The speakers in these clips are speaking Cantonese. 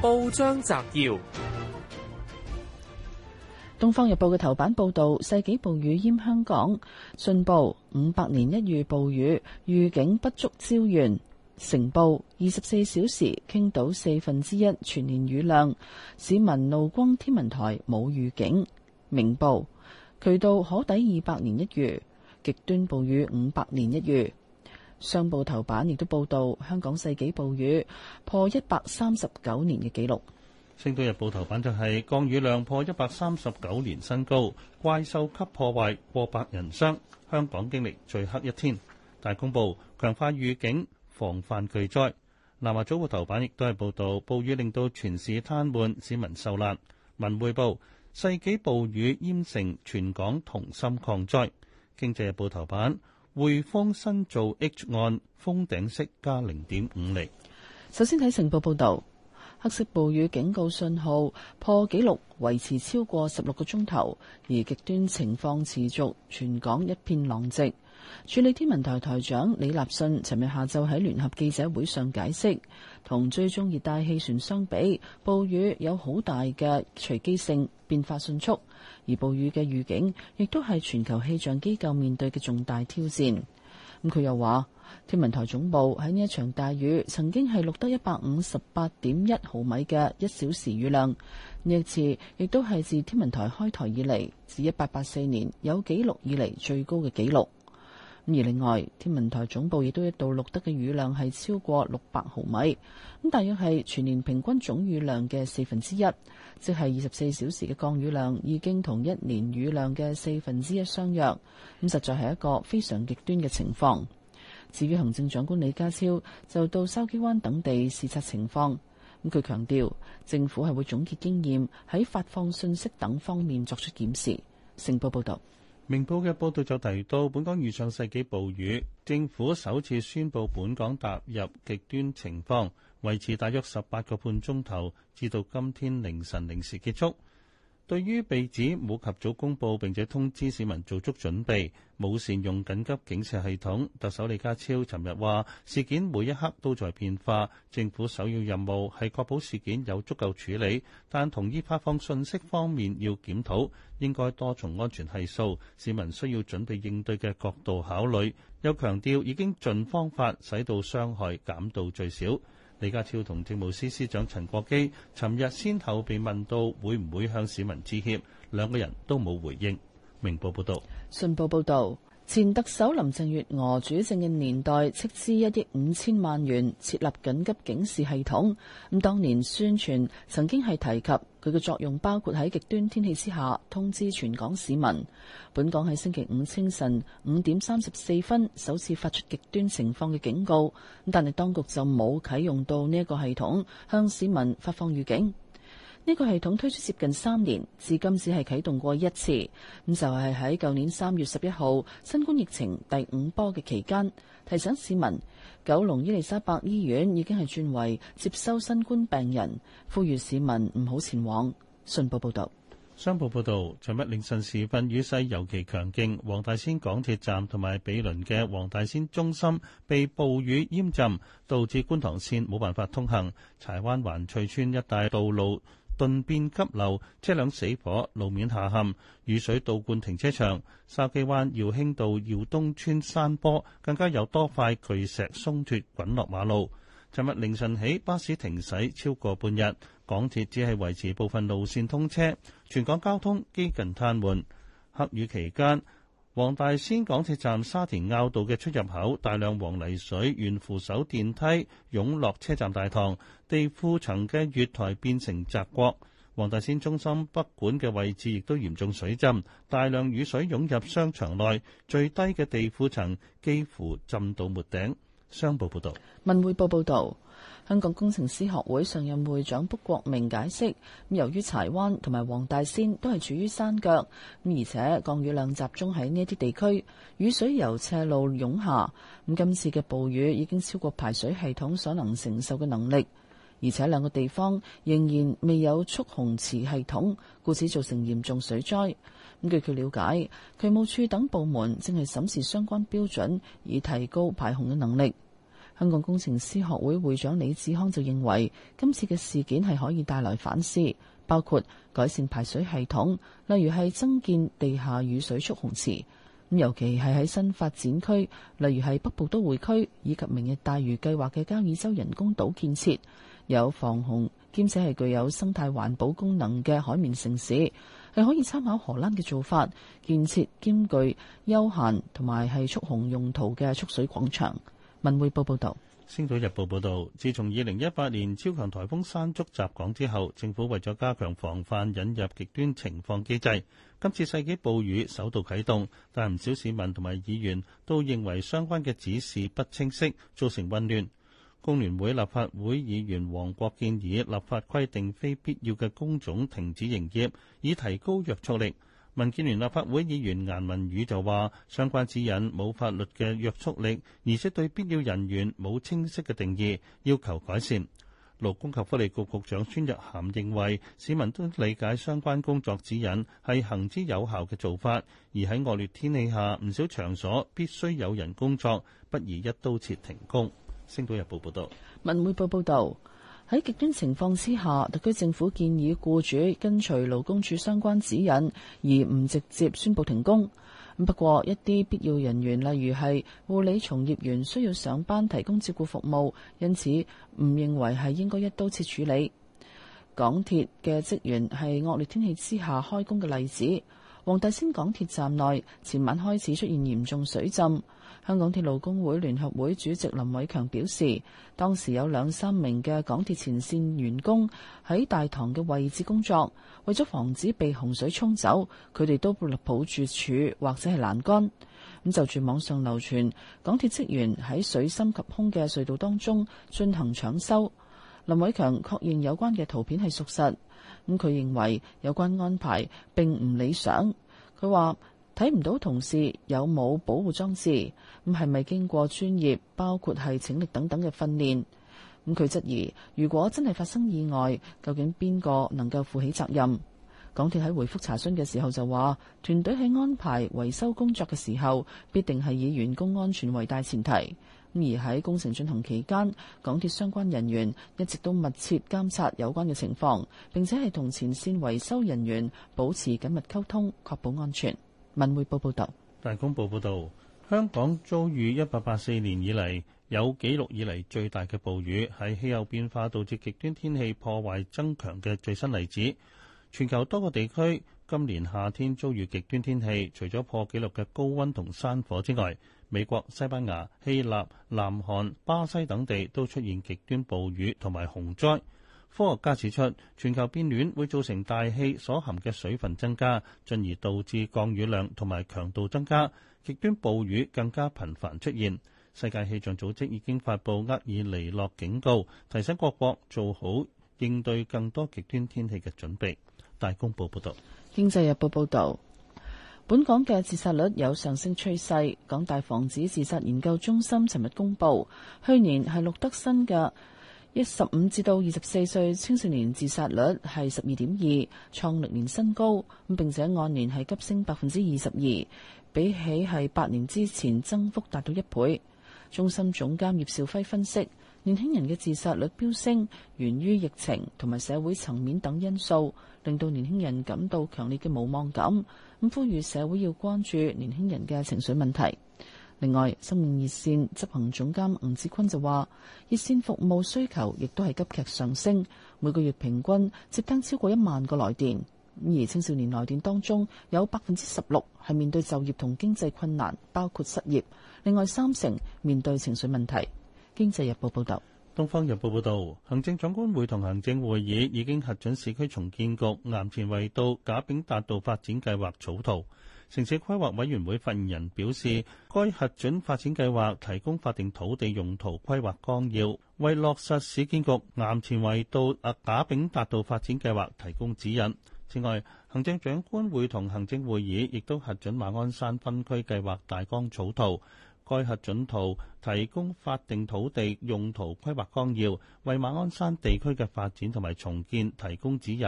報章摘要：《東方日報》嘅頭版報道，世紀暴雨淹香港。信報：五百年一遇暴雨預警不足，招怨。成報：二十四小時傾倒四分之一全年雨量。市民怒轟天文台冇預警。明報：渠道可抵二百年一遇極端暴雨，五百年一遇。商報頭版亦都報導香港世紀暴雨破一百三十九年嘅紀錄。星島日報頭版就係、是、降雨量破一百三十九年新高，怪獸級破壞過百人傷，香港經歷最黑一天。大公報強化預警，防範巨災。南華早報頭版亦都係報導暴雨令到全市癱瘓，市民受難。文匯報世紀暴雨淹城，全港同心抗災。經濟日報頭版。匯豐新造 H 按封頂式加零點五厘。首先睇晴報報道，黑色暴雨警告信號破紀錄維持超過十六個鐘頭，而極端情況持續，全港一片狼藉。處理天文台台長李立信，尋日下晝喺聯合記者會上解釋，同追蹤熱帶氣旋相比，暴雨有好大嘅隨機性，變化迅速。而暴雨嘅預警亦都係全球氣象機構面對嘅重大挑戰。咁、嗯、佢又話，天文台總部喺呢一場大雨曾經係錄得一百五十八點一毫米嘅一小時雨量，呢一次亦都係自天文台開台以嚟自一八八四年有紀錄以嚟最高嘅紀錄。咁而另外，天文台總部亦都一度錄得嘅雨量係超過六百毫米，咁大約係全年平均總雨量嘅四分之一，即係二十四小時嘅降雨量已經同一年雨量嘅四分之一相若，咁實在係一個非常極端嘅情況。至於行政長官李家超就到筲箕灣等地視察情況，咁佢強調政府係會總結經驗，喺發放信息等方面作出檢視。《成報》報道。明報嘅報道就提到，本港遇上世紀暴雨，政府首次宣布本港踏入極端情況，維持大約十八個半鐘頭，至到今天凌晨零時結束。對於被指冇及早公佈並且通知市民做足準備，冇善用緊急警示系統，特首李家超尋日話：事件每一刻都在變化，政府首要任務係確保事件有足夠處理，但同意發放信息方面要檢討，應該多從安全係數、市民需要準備應對嘅角度考慮。又強調已經盡方法使到傷害減到最少。李家超同政務司司長陳國基尋日先後被問到會唔會向市民致歉，兩個人都冇回應。明報報道，信報報道。前特首林鄭月娥主政嘅年代，斥資一億五千萬元設立緊急警示系統。咁當年宣傳曾經係提及佢嘅作用，包括喺極端天氣之下通知全港市民。本港喺星期五清晨五點三十四分首次發出極端情況嘅警告，咁但係當局就冇啟用到呢一個系統，向市民發放預警。呢個系統推出接近三年，至今只係啟動過一次，咁就係喺舊年三月十一號新冠疫情第五波嘅期間提醒市民，九龍伊麗莎白醫院已經係轉為接收新冠病人，呼籲市民唔好前往。信報報道，商報報道尋日凌晨時分雨勢尤其強勁，黃大仙港鐵站同埋毗鄰嘅黃大仙中心被暴雨淹浸，導致觀塘綫冇辦法通行，柴灣環翠邨一帶道路頓變急流，車輛死火，路面下陷，雨水倒灌停車場。筲箕灣、耀興道、耀東村山坡，更加有多塊巨石鬆脱滾落馬路。尋日凌晨起，巴士停駛超過半日，港鐵只係維持部分路線通車，全港交通幾近癱瘓。黑雨期間，黃大仙港鐵站沙田坳道嘅出入口，大量黃泥水沿扶手電梯湧落車站大堂，地庫層嘅月台變成澤國。黃大仙中心北館嘅位置亦都嚴重水浸，大量雨水湧入商場內，最低嘅地庫層幾乎浸到沒頂。商報報道，文匯報報道。香港工程師學會上任會長卜國明解釋，由於柴灣同埋黃大仙都係處於山腳，而且降雨量集中喺呢一啲地區，雨水由斜路湧下，咁今次嘅暴雨已經超過排水系統所能承受嘅能力，而且兩個地方仍然未有蓄洪池系統，故此造成嚴重水災。咁據了解，渠務署等部門正係審視相關標準，以提高排洪嘅能力。香港工程師學會會長李志康就認為今次嘅事件係可以帶來反思，包括改善排水系統，例如係增建地下雨水蓄洪池。咁尤其係喺新發展區，例如係北部都會區以及明日大嶼計劃嘅交椅洲人工島建設，有防洪兼且係具有生態環保功能嘅海綿城市，係可以參考荷蘭嘅做法，建設兼具休閒同埋係蓄洪用途嘅蓄水廣場。文匯報報道，《星島日報》報道，自從二零一八年超強台風山竹襲港之後，政府為咗加強防範引入極端情況機制，今次世紀暴雨首度啟動，但唔少市民同埋議員都認為相關嘅指示不清晰，造成混亂。工聯會立法會議員黃國建議立法規定非必要嘅工種停止營業，以提高約束力。民建聯立法會議員顏文宇就話：相關指引冇法律嘅約束力，而且對必要人員冇清晰嘅定義，要求改善。勞工及福利局局局長孫玉菡認為，市民都理解相關工作指引係行之有效嘅做法，而喺惡劣天氣下，唔少場所必須有人工作，不宜一刀切停工。星島日報報道。文匯報報導。喺極端情況之下，特區政府建議雇主跟隨勞工處相關指引，而唔直接宣布停工。不過一啲必要人員，例如係護理從業員需要上班提供照顧服務，因此唔認為係應該一刀切處理。港鐵嘅職員係惡劣天氣之下開工嘅例子。黃大仙港鐵站內前晚開始出現嚴重水浸，香港鐵路工會聯合會主席林偉強表示，當時有兩三名嘅港鐵前線員工喺大堂嘅位置工作，為咗防止被洪水沖走，佢哋都會抱住柱或者係欄杆。咁就住網上流傳港鐵職員喺水深及胸嘅隧道當中進行搶修，林偉強確認有關嘅圖片係屬實。咁佢認為有關安排並唔理想。佢話睇唔到同事有冇保護裝置，咁係咪經過專業包括係請力等等嘅訓練？咁佢質疑，如果真係發生意外，究竟邊個能夠負起責任？港鐵喺回覆查詢嘅時候就話團隊喺安排維修工作嘅時候，必定係以員工安全為大前提。而喺工程進行期間，港鐵相關人員一直都密切監察有關嘅情況，並且係同前線維修人員保持緊密溝通，確保安全。文匯報報道。大公報報道，香港遭遇一八八四年以嚟有記錄以嚟最大嘅暴雨，係氣候變化導致極端天氣破壞增強嘅最新例子。全球多個地區今年夏天遭遇極端天氣，除咗破紀錄嘅高温同山火之外，美國、西班牙、希臘、南韓、巴西等地都出現極端暴雨同埋洪災。科學家指出，全球變暖會造成大氣所含嘅水分增加，進而導致降雨量同埋強度增加，極端暴雨更加頻繁出現。世界氣象組織已經發布厄爾尼諾警告，提醒各國做好應對更多極端天氣嘅準備。大公報報道。《經濟日報》報導。本港嘅自殺率有上升趨勢，港大防止自殺研究中心尋日公佈，去年係錄得新嘅一十五至到二十四歲青少年自殺率係十二點二，創歷年新高，咁並且按年係急升百分之二十二，比起係八年之前增幅達到一倍。中心總監葉兆輝分析。年輕人嘅自殺率飆升，源於疫情同埋社會層面等因素，令到年輕人感到強烈嘅無望感。咁呼籲社會要關注年輕人嘅情緒問題。另外，生命熱線執行總監吳志坤就話，熱線服務需求亦都係急劇上升，每個月平均接聽超過一萬個來電。而青少年來電當中，有百分之十六係面對就業同經濟困難，包括失業。另外三成面對情緒問題。經濟日報報導，東方日報報導，行政長官會同行政會議已經核准市區重建局衙前圍道賈炳達道發展計劃草圖。城市規劃委員會發言人表示，該核准發展計劃提供法定土地用途規劃綱要，為落實市建局衙前圍道啊賈炳達道發展計劃提供指引。此外，行政長官會同行政會議亦都核准馬鞍山分區計劃大綱草圖。該核准圖提供法定土地用途規劃綱要，為馬鞍山地區嘅發展同埋重建提供指引。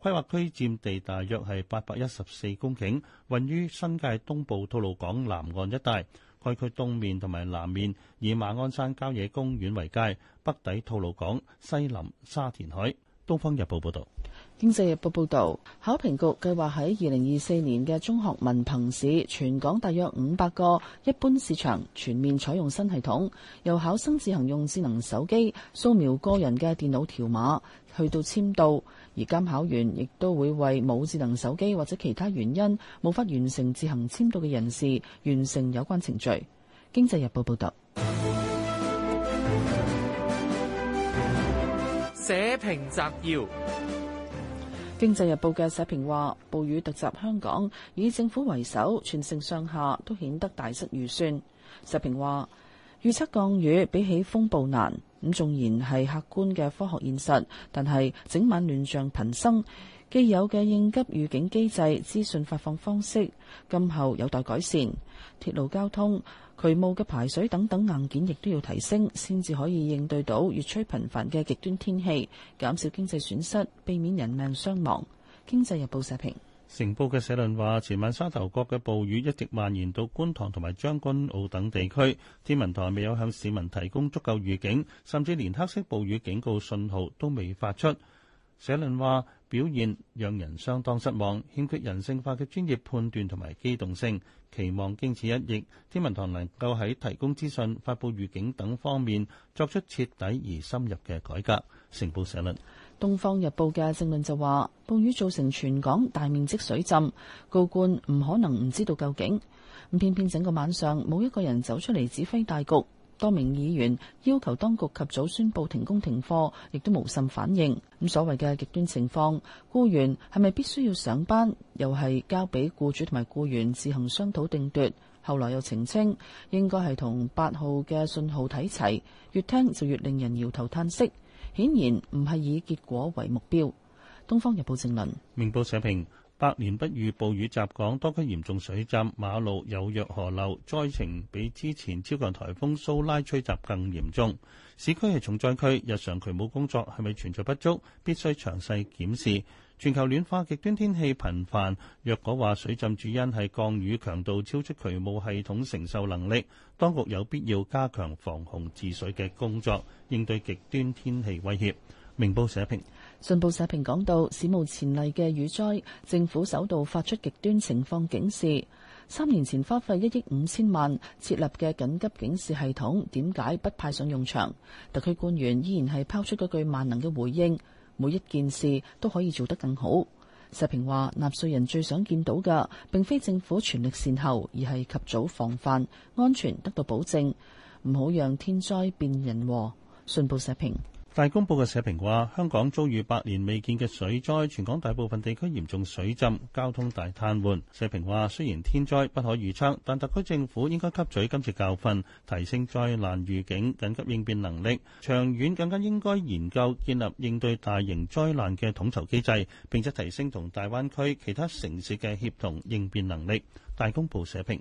規劃區佔地大約係八百一十四公頃，位於新界東部吐露港南岸一帶。該區東面同埋南面以馬鞍山郊野公園為界，北抵吐露港，西臨沙田海。東方日報報道，經濟日報報道，考評局計劃喺二零二四年嘅中學文憑試，全港大約五百個一般市場全面採用新系統，由考生自行用智能手機掃描個人嘅電腦條碼去到簽到，而監考員亦都會為冇智能手機或者其他原因無法完成自行簽到嘅人士，完成有關程序。經濟日報報道。社評摘要：經濟日報嘅社評話，暴雨突襲香港，以政府為首，全城上下都顯得大失預算。社評話，預測降雨比起風暴難，咁縱然係客觀嘅科學現實，但係整晚亂象頻生。既有嘅應急預警機制、資訊發放方式，今後有待改善。鐵路交通、渠務嘅排水等等硬件亦都要提升，先至可以應對到越趨頻繁嘅極端天氣，減少經濟損失，避免人命傷亡。經濟日報社評。成報嘅社論話：前晚沙頭角嘅暴雨一直蔓延到觀塘同埋將軍澳等地區，天文台未有向市民提供足夠預警，甚至連黑色暴雨警告信號都未發出。社論話表現讓人相當失望，欠缺人性化嘅專業判斷同埋機動性，期望經此一役，天文台能夠喺提供資訊、發布預警等方面作出徹底而深入嘅改革。成報社論。《東方日報》嘅政論就話，暴雨造成全港大面積水浸，高官唔可能唔知道究竟，咁偏偏整個晚上冇一個人走出嚟指揮大局。多名議員要求當局及早宣布停工停課，亦都無甚反應。咁所謂嘅極端情況，僱員係咪必須要上班，又係交俾僱主同埋僱員自行商討定奪？後來又澄清應該係同八號嘅信號睇齊，越聽就越令人搖頭嘆息。顯然唔係以結果為目標。《東方日報》正論，明報社評。百年不遇暴雨襲港，多區嚴重水浸，馬路有若河流，災情比之前超強颱風蘇拉吹襲更嚴重。市區係重災區，日常渠務工作係咪存在不足？必須詳細檢視。全球暖化，極端天氣頻繁，若果話水浸主因係降雨強度超出渠務系統承受能力，當局有必要加強防洪治水嘅工作，應對極端天氣威脅。明報社評。信報社評講到史無前例嘅雨災，政府首度發出極端情況警示。三年前花費一億五千萬設立嘅緊急警示系統點解不派上用場？特區官員依然係拋出嗰句萬能嘅回應，每一件事都可以做得更好。社評話納稅人最想見到嘅並非政府全力善後而係及早防範，安全得到保證，唔好讓天災變人禍。信報社評。大公報嘅社評話：香港遭遇百年未見嘅水災，全港大部分地區嚴重水浸，交通大癱瘓。社評話：雖然天災不可預測，但特區政府應該吸取今次教訓，提升災難預警緊急應變能力。長遠更加應該研究建立應對大型災難嘅統籌機制，並且提升同大灣區其他城市嘅協同應變能力。大公報社評。